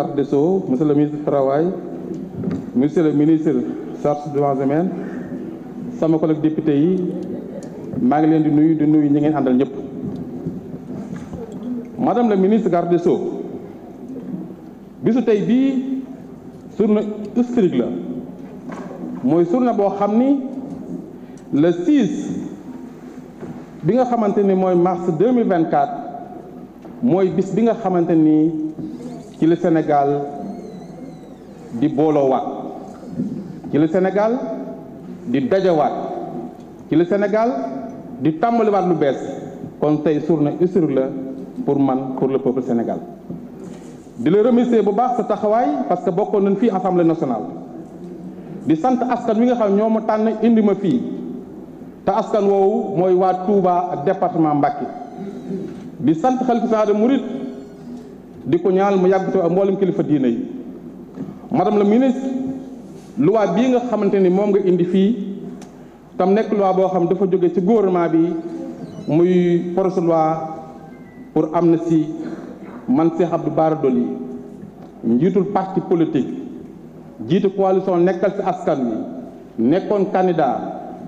garde des Sceaux, monsieur le ministre du Travail, le ministre chargé des Droits sama collègue député yi maa ngi leen di nuyu di nuyu ñi ngeen àndal ñëpp madame la ministre garde des Sceaux bisu tey bii journée historique la mooy journée boo xam ni le 6 bi nga xamante ni mooy mars 2024 mooy bis bi nga xamante ni ci la Sénégal di booloowaat ci la Sénégal di dajawaat ci la Sénégal di tàmbaliwaat lu bees kon suur na historique la pour man pour le peuple Sénégal di la remercier bu baax sa taxawaay parce que bokkoon nañ fii assemblée nationale di sant askan wi nga xam ñoo tànn indi ma fii te askan woowu mooy waat Touba ak département Mbacké di sant xalifa de Mouride di ko ñaal mu yàggatoo ak mboolem kilifa diine yi madame la ministre loi bii nga xamante ni moom nga indi fii tam nekk loi boo xam dafa jóge ci gouvernement bi muy projet de loi pour amnistie man Cheikh du Bara Dolly njiitul parti politique jiitu coalition nekkal ci askan wi nekkoon candidat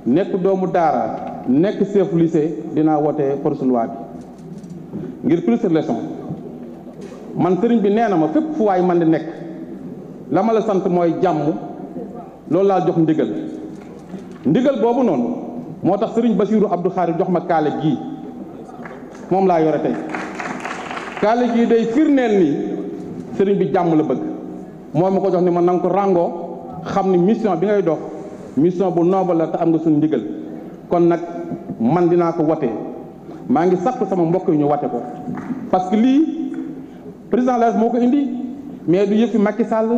nekk doomu daara nekk chef lycée dinaa woote projet de bi ngir plus de leçon man sëriñ bi nee na ma fépp fu waay man di nekk la ma la sant mooy jàmm loolu laa jox ndigal ndigal boobu noonu moo tax sëriñ Basiiru Abdou Khadre jox ma kaale gii moom laa yore tey kaale gii day firneel ni sëriñ bi jàmm la bëgg moo ma ko jox ni ma nanga ko ràngoo xam ni mission bi ngay dox mission bu noble la te am nga suñu ndigal kon nag man dinaa ko watee maa ngi sàpp sama mbokk yi ñu wate ko parce lii président Laye moo ko indi mais du yëfi Macky Sall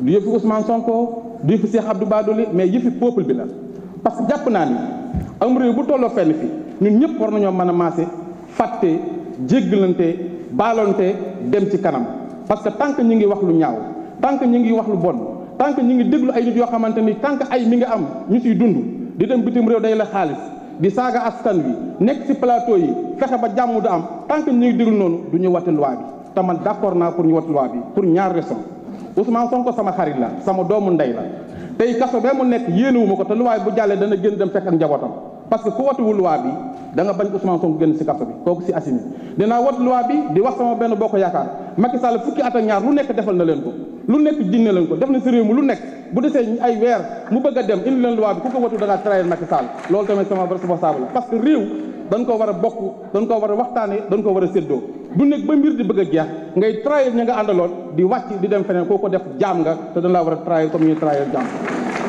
du yëfi Ousmane Sonko du yëfi Cheikh Abdou Badoli mais yëfi peuple bi la. parce que jàpp naa ni am réew bu tolloo fenn fi ñun ñëpp war nañoo mën a maase fàtte jéggalante baalonte dem ci kanam parce que tant ñu ngi wax lu ñaaw tant que ñu ngi wax lu bon tant que ñu ngi déglu ay nit yoo xamante ni tant que ay mi nga am ñu ciy dund di dem bitim réew day la xaalis di saaga askan wi nekk ci palato yi fexe ba jàmm du am tant que ñu ngi noonu du ñu wate loi te man d'accord naa pour ñu wat loi bi pour ñaar raison Ousmane Sonko sama xarit la sama doomu ndey la tey kaso bee mu nekk yéenewuma ko te luwaay bu jàllee dana génn dem fekk ak njabootam parce que ku watuwul loi bi bañ Ousmane Sonko génn si kaso bi kooku si asimi dinaa wat loi di wax sama benn boo ko yaakaar Macky fukki at ñaar lu nekk defal na leen ko lu nekk jinne leen ko def na si réew mi lu nekk bu desee ay weer mu bëgg a dem dañ ko war a bokk dañ ko war a waxtaanee dañ ko war a séddoo du nekk ba mbir di bëgg a jeex ngay trahir ña nga àndaloon di wàcc di dem feneen koo ko def jaam nga te dañ war a trahir comme ñuy trahir jaam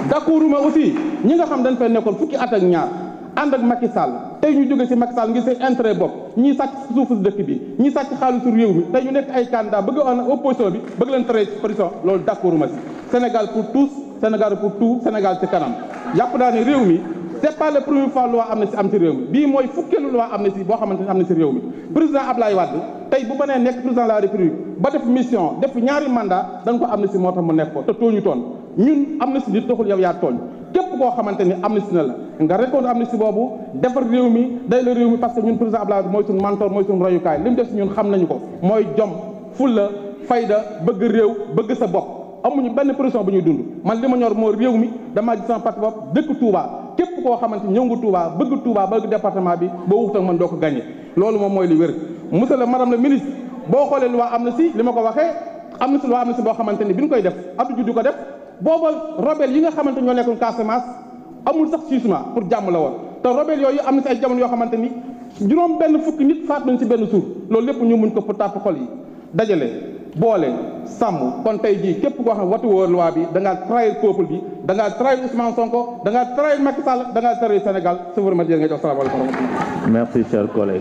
d'accorduma aussi ñi nga xam dañ fay nekkoon fukki at ñaar ànd ak Macky Sall tey ñu jóge ci Macky Sall ngir seen intérêt bopp ñi sàcc suufu dëkk bi ñii sàcc xaalisu réew mi tey ñu nekk ay candidat bëgg a opposition bi bëgg leen traiter ci prison loolu d'accorduma ci Sénégal pour tous Sénégal pour tout Sénégal ci kanam yàpp naa ne réew mi c'est pas la première fois loi amnistie am ci réew mi bii mooy fukkeelu loi amnistie boo xamante ne am na ci réew mi président Ablaye Wade tey bu ba nee nekk président de la ba def mission def ñaari mandat dañ ko amnistie moo tax mu nekk ko te tooñu toon ñun amnistie nit taxul yow yaa tooñ képp koo xamante ni am na si na la nga récolte amnistie boobu defar réew mi day la réew mi parce que ñun président Ablaye Wade mooy suñu mentor mooy suñu royukaay li mu mooy bëgg réew bëgg sa bopp benn pression bu ñuy dund man li ma ñor moo réew mi damaa gis sama parti bopp dëkk képp koo xamante ñëw nga Touba bëgg Touba bëgg département bi boo wuxtak man doo ko gagné loolu moom mooy li wér monsieur le madame le ministre boo xoolee loi amnistie li ma ko waxee amnistie loi amnistie boo xamante ni bi ñu koy def Abdou Diouf ko def booba rebelle yi nga xamante ñoo nekkoon Casamance amul sax jugement pour jàmm la woon te rebelle yooyu am na si ay jamono yoo xamante ni juróom benn fukki nit faat nañ si benn suur loolu lépp ñu mun ko pour tàpp xol dajale boole sàmm kon tey jii képp koo xam ne watu woo loi bi da ngaa trahir peuple bi da ngaa trahir Ousmane Sonko da ngaa trahir Macky Sall da ngaa trahir Sénégal souveraineté nga jox salaamaaleykum wa rahmatulah. merci cher collègue.